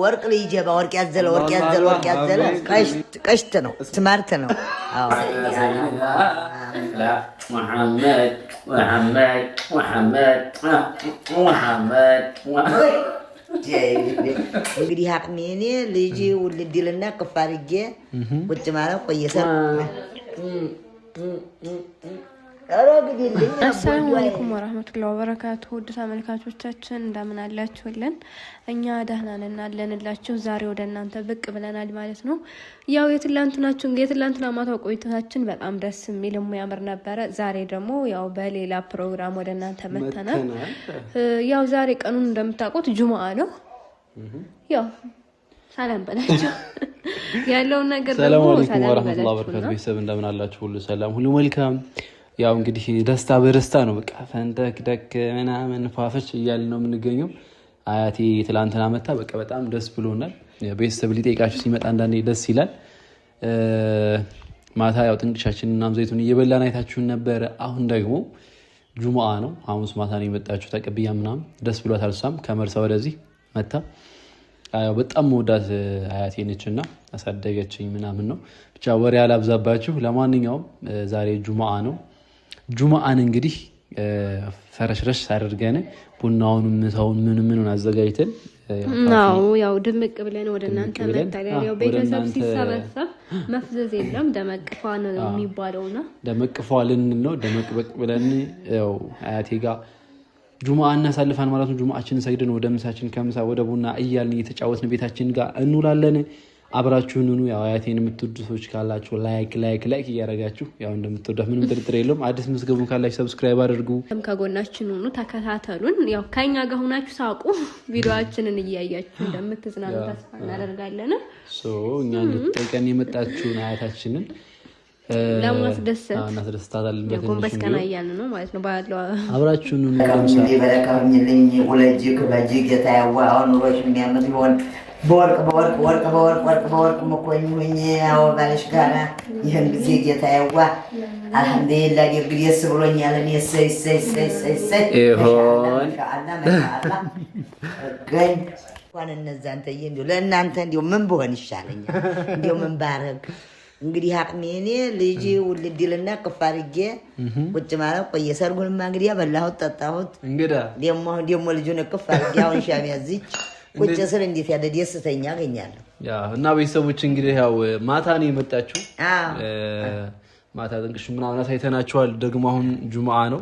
ወርቅ ልይጀባ ወርቅ ያዘለ ወርቅ ያዘለ ወርቅ ያዘለ ቀሽት ነው፣ ስማርት ነው። እንግዲህ አቅሜኔ ልጅ ውልድልና ክፍ አድርጌ ቁጭ ማለት ቆየሰ አሰላሙ አለይኩም ወራህመቱላሂ ወበረካቱ። ውድ ተመልካቾቻችን እንደምን አላችሁልን? እኛ ደህና ነን አለንላችሁ። ዛሬ ወደ እናንተ ብቅ ብለናል ማለት ነው። ያው የትላንትናችሁን የትላንትና ማታው ቆይታችን በጣም ደስ የሚል የሚያምር ነበረ። ዛሬ ደግሞ ያው በሌላ ፕሮግራም ወደ እናንተ መተናል። ያው ዛሬ ቀኑን እንደምታውቁት ጁሙአ ነው። ያው ሰላም በላችሁ ያለውን ነገር ደግሞ ሰላም በላችሁ። ቤተሰብ እንደምን አላችሁ? ሁሉ ሰላም፣ ሁሉ መልካም ያው እንግዲህ ደስታ በደስታ ነው። በቃ ፈንደክ ደክ ምናምን ፏፈች እያለ ነው የምንገኘው። አያቴ ትላንትና መታ፣ በቃ በጣም ደስ ብሎናል። ቤተሰብ ሊጠይቃችሁ ሲመጣ አንዳንዴ ደስ ይላል። ማታ ያው ጥንቅሻችን እናም ዘይቱን እየበላን አይታችሁን ነበረ። አሁን ደግሞ ጁሙአ ነው፣ ሐሙስ ማታ ነው የመጣችሁ። ተቀብያ ምናምን ደስ ብሏት እሷም ከመርሳ ወደዚህ መታ በጣም መወዳት አያቴ ነች እና አሳደገችኝ ምናምን ነው። ብቻ ወሬ አላብዛባችሁ። ለማንኛውም ዛሬ ጁሙአ ነው። ጁምአን እንግዲህ ፈረሽረሽ አድርገን ቡናውን ምሳውን ምን ምን አዘጋጅተን ው ያው ድምቅ ብለን ወደ እናንተ መታገል። ያው ቤተሰብ ሲሰበሰብ መፍዘዝ የለም ደመቅ ነው የሚባለው ና ፏ ልን ነው። ደመቅበቅ ብለን ያው አያቴ ጋ ጁምአ እናሳልፋን ማለት ነው። ጁምአችንን ሰግደን ወደ ምሳችን ከምሳ ወደ ቡና እያልን እየተጫወትን ቤታችን ጋር እንውላለን። አብራችሁን ኑኑ። ያው አያቴን የምትወዱ ሰዎች ካላችሁ ላይክ ላይክ ላይክ እያደረጋችሁ ያው እንደምትወዳት ምንም ጥርጥር የለውም። አዲስ ምስገቡን ካላችሁ ሰብስክራይብ አድርጉ። ከጎናችን ሆኑ፣ ተከታተሉን። ያው ከኛ ጋር ሆናችሁ ሳቁ። ቪዲዮችንን እያያችሁ እንደምትዝናኑ ተስፋ እናደርጋለን። እኛ ልትጠይቀን የመጣችሁን አያታችንን ለማስደሰት እናስደስታታለን። ቀና እያለ ነው ማለት ነው። ባለ አብራችሁን በለቀርኝልኝ ውለጅ ክበጅ ጌታ ያዋ አሁን ኑሮች የሚያምር ይሆን በወርቅ በወርቅ ወርቅ በወርቅ ወርቅ በወርቅ መኮኝ ሆኜ አወባለሽ ጋራ ይህን ጊዜ ጌታ ያዋ አልሐምዱሊላ ደግ ደስ ብሎኛል። እኔ እሰይ እሰይ እሰይ እሰይ እሰይ ይሆን ግን እንኳን እነዛ አንተዬ እንዲሁ ለእናንተ እንዲሁ ምን ብሆን ይሻለኛል? እንዲሁ ምን ባረግ እንግዲህ አቅሜ እኔ ልጅ ውልድ ይልና አድርጌ ቁጭ ማለት ቆየ። ሰርጉንማ እንግዲህ በላሁት ጠጣሁት። ደግሞ ደግሞ ልጁን ቅፍ አድርጌ አሁን ሻሚያ ዝች ቁጭ ስል እንዴት ያለ ደስተኛ አገኛለሁ። እና ቤተሰቦች እንግዲህ ያው ማታ ነው የመጣችሁ። ማታ ጥንቅሽ ምናምን አሳይተናችኋል። ደግሞ አሁን ጁምዓ ነው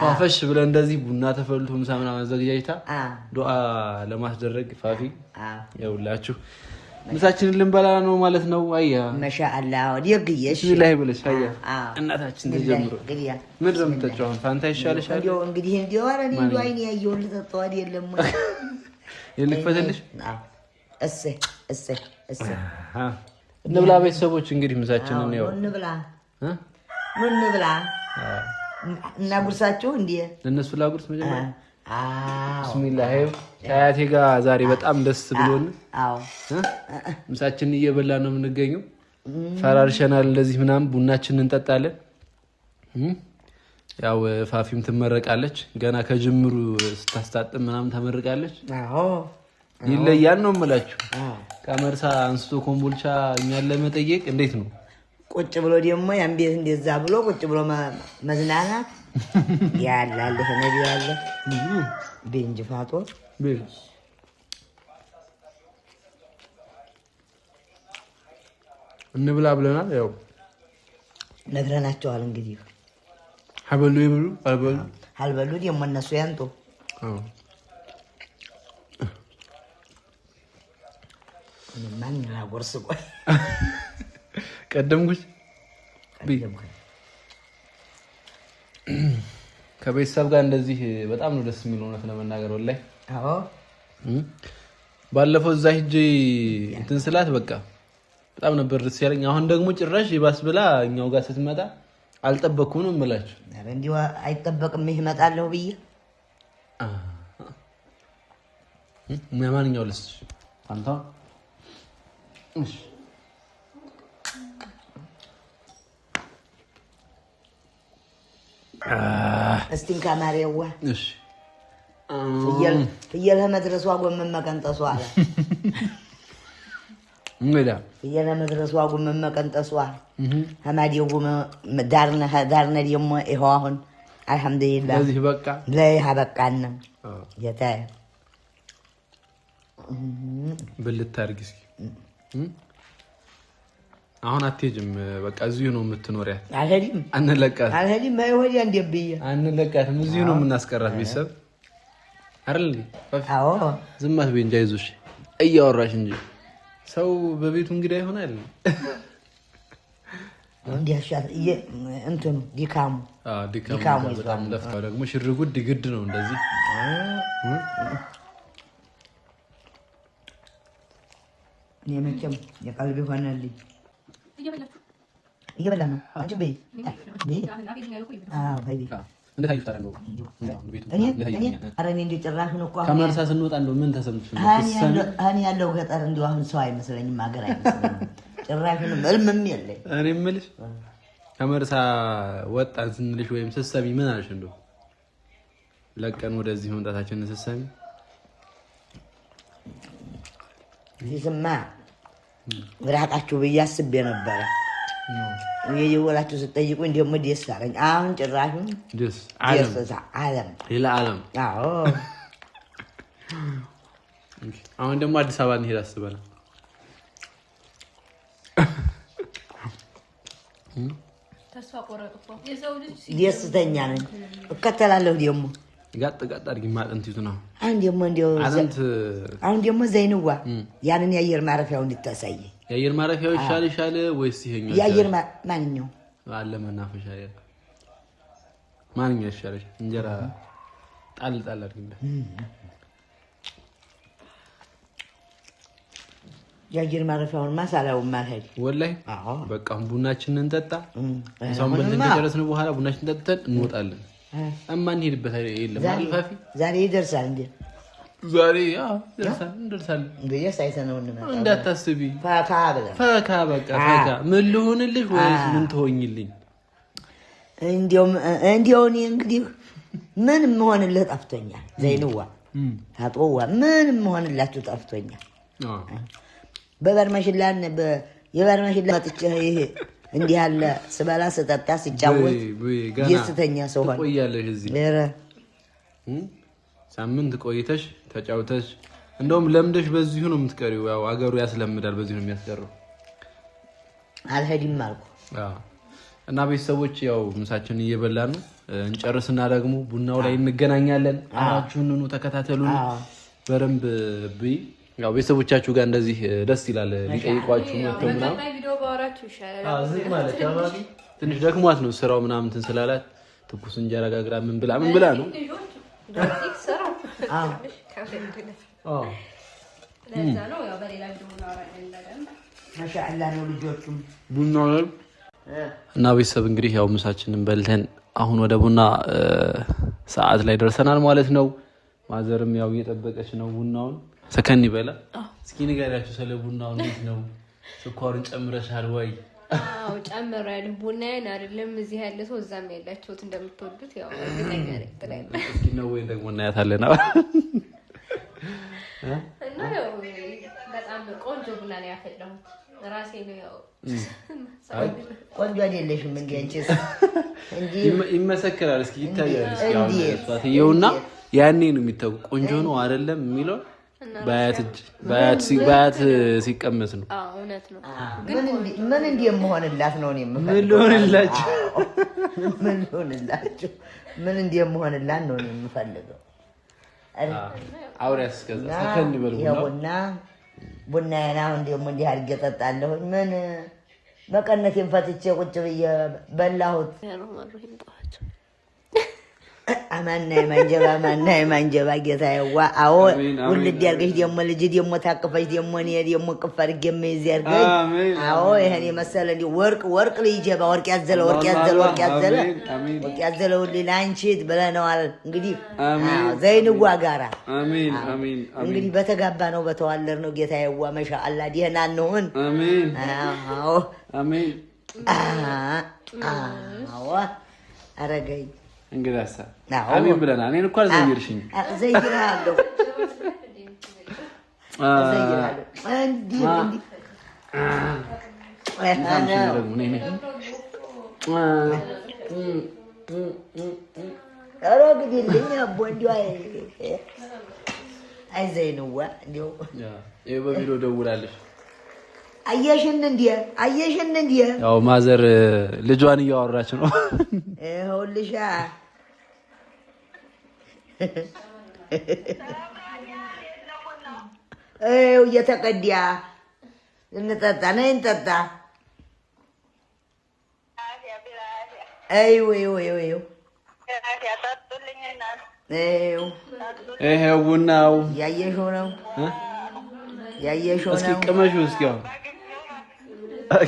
ፋፈሽ ብለን እንደዚህ ቡና ተፈልቶ ምሳ ምናምን አዘገጃጅታ ዱዓ ለማስደረግ ፋፊ ያውላችሁ ምሳችንን ልንበላ ነው ማለት ነው። አያ መሻአላ ደግየሽ ላይ ብለሽ አያ እናታችን ተጀምሮ ምን ነው የምትጫወተው? ፋንታ ይሻለሻል እንግዲህ እንዲዋረ ኒ ዱዓይን ያየውን ልጠጣው የለም ልክፈትልሽ። እንብላ ቤተሰቦች፣ እንግዲህ ምሳችንን ያው እንብላ እንብላ እና ጉርሳችሁ እንዲ እነሱ ላጉርስ መጀመሪያ ብስሚላ ከአያቴ ጋር ዛሬ በጣም ደስ ብሎን ምሳችንን እየበላ ነው የምንገኘው። ፈራርሸናል እንደዚህ ምናምን ቡናችንን እንጠጣለን። ያው ፋፊም ትመረቃለች። ገና ከጅምሩ ስታስታጥም ምናምን ተመርቃለች። ይለያል ነው የምላችሁ። ከመርሳ አንስቶ ኮምቦልቻ እኛን ለመጠየቅ እንዴት ነው? ቁጭ ብሎ ደግሞ ያን ቤት እንደዛ ብሎ ቁጭ ብሎ መዝናናት ያላለህ ነቢ ያለ ቤንጅ ፋቶ እንብላ ብለናል። ያው ነግረናቸዋል እንግዲህ አልበሉ ይብሉ አልበሉ አልበሉ ደግሞ እነሱ ያንጡ ማን ቆይ ቀደምኩሽ ከቤተሰብ ጋር እንደዚህ በጣም ነው ደስ የሚል እውነት ለመናገር ወላሂ ባለፈው እዛ እንትን ስላት በቃ በጣም ነበር ደስ ያለኝ አሁን ደግሞ ጭራሽ ይባስ ብላ እኛው ጋር ስትመጣ አልጠበኩም ነው የምላችሁ። እንዲሁ አይጠበቅም። ይህ እመጣለሁ ብዬ ማንኛው ልስ አንተ እስቲን ካማሬዋ ፍየል መድረሷ ጎመን መቀንጠሷ አለ يلا مدرسة واقوم مما كنت أسوا هما ديوم دارنا دارنا اليوم إهواهن الحمد لله لذي بقى لا بقى لنا يا تاي بالتارجسكي አሁን አትሄጂም። በቃ እዚሁ ነው የምትኖሪያት። አልሄድም። አንለቃትም። አልሄድም። ወዲያ እንዴት ብዬሽ አንለቃትም። እዚሁ ነው የምናስቀራት። ቤተሰብ አይደል? አዎ። ዝም አትበይ እንጂ አይዞሽ፣ እያወራሽ እንጂ ሰው በቤቱ እንግዳ ይሆናል። እንትኑ ዲካሙ ዲካሙ በጣም ለፍታ ደግሞ ግድ ነው እንደዚህ እኔ የቀልብ ይሆናልኝ እየበላ ነው። እኔ ያለው ገጠር እንደው አሁን ሰው አይመስለኝም፣ ሀገር አይመስለኝም። ጭራሽ ምንም የለኝ። እኔ የምልሽ ከመርሳ ወጣን ስንልሽ ወይም ስትሰሚ ምን አልሽ? እንደው ለቀን ወደዚህ መምጣታችንን ስትሰሚ ይስማ ራቃችሁ ብዬ አስቤ ነበረ። እየደወላችሁ ስጠይቁ ደግሞ ደስ አለኝ። አሁን ጭራሹን አለም ሌላ አለም። አሁን ደግሞ አዲስ አበባ እንሄድ አስበናል። ደስተኛ ነኝ። እከተላለሁ ደግሞ ጋጥ ጋጥ አድርጊ ማጥንት ይዙ ነው። አሁን ደግሞ ዘይንዋ ያንን የአየር ማረፊያውን እንድታሳይ የአየር ማረፊያው ይሻል ይሻል ወይስ ይሄኛው? የአየር ማንኛው አለ መናፈሻ ያ ማንኛው ይሻል? እንጀራ ጣል ጣል አድርግልህ። የአየር ማረፊያውን ማሳላውን ወላይ። አዎ በቃ ቡናችንን እንጠጣ። ሰው በልተን ከጨረስን በኋላ ቡናችንን ጠጥተን እንወጣለን። እማንሄድበት የለም። ዛሬ ይደርሳል እንዴ? ዛሬ እንዳታስቢ፣ ፈካ በቃ ፈካ። ምን ልሆንልሽ ወይስ ምን ትሆኝልኝ? እንዲያው እኔ እንግዲህ ምን የምሆንልህ ጠፍቶኛል። ዘይንዋ አጥዋ ምን የምሆንላችሁ ጠፍቶኛል። በበርመሽላን የበርመሽላ መጥቼ ይሄ እንዲህ ያለ ስበላ ስጠጣ ስጫወት የስተኛ ሰው ሆነ ሳምንት ቆይተሽ ተጫውተሽ እንደውም ለምደሽ በዚሁ ነው የምትቀሪው። ያው አገሩ ያስለምዳል፣ በዚሁ ነው የሚያስቀረው። አልሄድም አልኩ እና ቤተሰቦች ያው ምሳችን እየበላ ነው እንጨርስና ደግሞ ቡናው ላይ እንገናኛለን። አራችሁንኑ ተከታተሉ በደንብ ብይ። ያው ቤተሰቦቻችሁ ጋር እንደዚህ ደስ ይላል። ሊጠይቋችሁ መጥተው ትንሽ ደክሟት ነው ስራው ምናምን ስላላት ትኩስ እንጀራ ጋግራ ምን ብላ ምን ብላ ነው ቡና እና ቤተሰብ እንግዲህ ያው ምሳችንን በልተን አሁን ወደ ቡና ሰዓት ላይ ደርሰናል ማለት ነው። ማዘርም ያው እየጠበቀች ነው ቡናውን። ሰከን ይበላ እስኪ ንገሪያቸው ስለ ቡናው እንዴት ነው? ስኳሩን ጨምረሻል ወይ? አዎ ጨምሬያለሁ። ቡናዬን አይደለም እዚህ ያለ ሰው እዛም ያላችሁት እንደምትወዱት ያው እርግጠኛ ነኝ። ነው ወይ ደግሞ እናያታለን እና ያው በጣም ቆንጆ ቡና ነው ያፈላሁት ራሴ ነው ያው ቆንጆ አይደለሽም እንደ አንቺስ ይመሰክራል። እስኪ ይታያል። እስኪ አሁን የውና ያኔ ነው የሚታወቅ ቆንጆ ነው አይደለም የሚለው በአያት ሲቀመስ ነው። ምን እንዲህ የምሆንላት ነው? ምን ልሆንላችሁ? ምን ልሆንላችሁ? ምን እንዲህ የምሆንላት ነው የምፈልገው? አውሪያስ ቡና ቡና ያናሁ እንዲሁም እንዲህ አድርጌ ጠጣለሁኝ። ምን መቀነቴን ፈትቼ ቁጭ ብዬ በላሁት። አማና የማንጀባ አማና የማንጀባ ጌታ የዋ አዎ፣ ውልድ ያርገሽ ደሞ ልጅ ደሞ ታቅፈሽ ደሞ እኔ ደሞ ቅፍ አድርጌ ያርገሽ። አዎ ይህን የመሰለ እንዲ ወርቅ ወርቅ ልይጀባ ወርቅ ያዘለ ወርቅ ያዘለ ወርቅ ያዘለ ወርቅ ያዘለ ውል ለአንቺት ብለነዋል። እንግዲህ ዘይንዋ ጋራ እንግዲህ በተጋባ ነው በተዋለር ነው ጌታ የዋ መሻ አላ ደህና እንሁን። አዎ አረገኝ እንግዲያሳ አሜን ብለናል። እኔን እኮ አልዘይርሽኝ ዘይራለሁ በቢሮ ደውላለች። አየሽን እንዲህ አየሽን እንዲህ ያው ማዘር ልጇን እያወራች ነው። ይኸውልሻ É, eu ia te atender. Eu não ia nem Eu, é, eu, eu, eu. Eu. É, é, é o Gunau. E aí, é Jorão? E aí, é Jorão? Mas que cama justa, ó.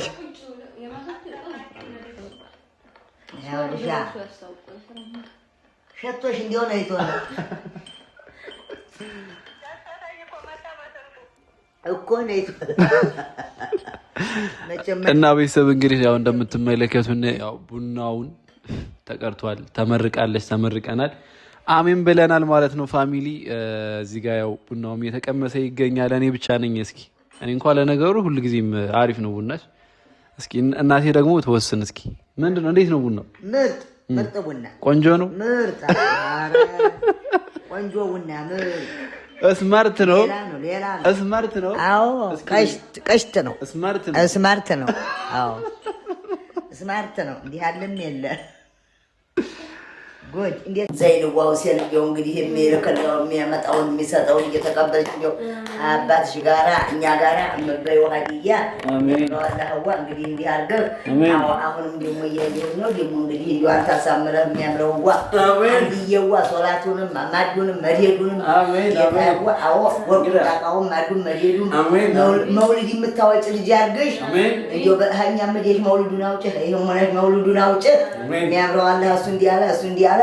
Já. ሸቶሽ እንዲሆን አይቶ እኮ እና ቤተሰብ እንግዲህ ያው እንደምትመለከቱን ያው ቡናውን ተቀርቷል፣ ተመርቃለች፣ ተመርቀናል፣ አሜን ብለናል ማለት ነው ፋሚሊ። እዚህ ጋ ያው ቡናውም እየተቀመሰ ይገኛል። እኔ ብቻ ነኝ። እስኪ እኔ እንኳ ለነገሩ ሁልጊዜም አሪፍ ነው ቡናች እስኪ እናቴ ደግሞ ተወስን እስኪ ምንድን ነው እንዴት ነው ቡናው? ምርጥ ቡና ቆንጆ ነው። ምርጥ ቆንጆ ቡና እስማርት ነው። እስማርት ነው። አዎ ቀሽት ነው። እስማርት ነው። እስማርት ነው። እንዲህ ያለም የለ ዘይን ዋው እንዲያው እንግዲህ የሚልክለው የሚያመጣውን የሚሰጠውን እየተቀበለች እንዲያው አባትሽ ጋራ እኛ ጋራ እምበይ ሀዲያ ዋላህዋ እንግዲህ እንዲህ አድርገህ አሁንም ደግሞ እያየሁ ነው። ደግሞ እንግዲህ እንዲያው አንተ አሳምረህ የሚያምረው ዋ ሀዲየዋ ሶላቱንም ማዱንም መድሄዱንም አዎ ወርቁን ማዱን መድሄዱን መውልድ የምታወጭ ልጅ አድርገሽ እንዲያው በእኛ ምዴሽ መውልዱን አውጭ ይህ ሆነሽ መውልዱን አውጭ የሚያምረው አላህ እሱ እንዲህ አለ እሱ እንዲህ አለ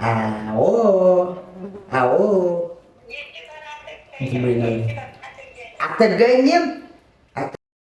आओ आओ आता गय